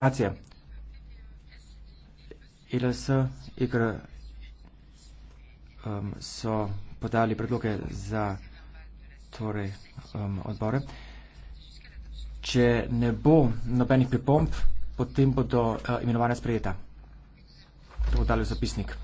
Grazie. ILS, IGR um, so podali predloge za torej, um, odbore. Če ne bo nobenih pripomb, potem bodo uh, imenovanja sprejeta. To bo dalje zapisnik.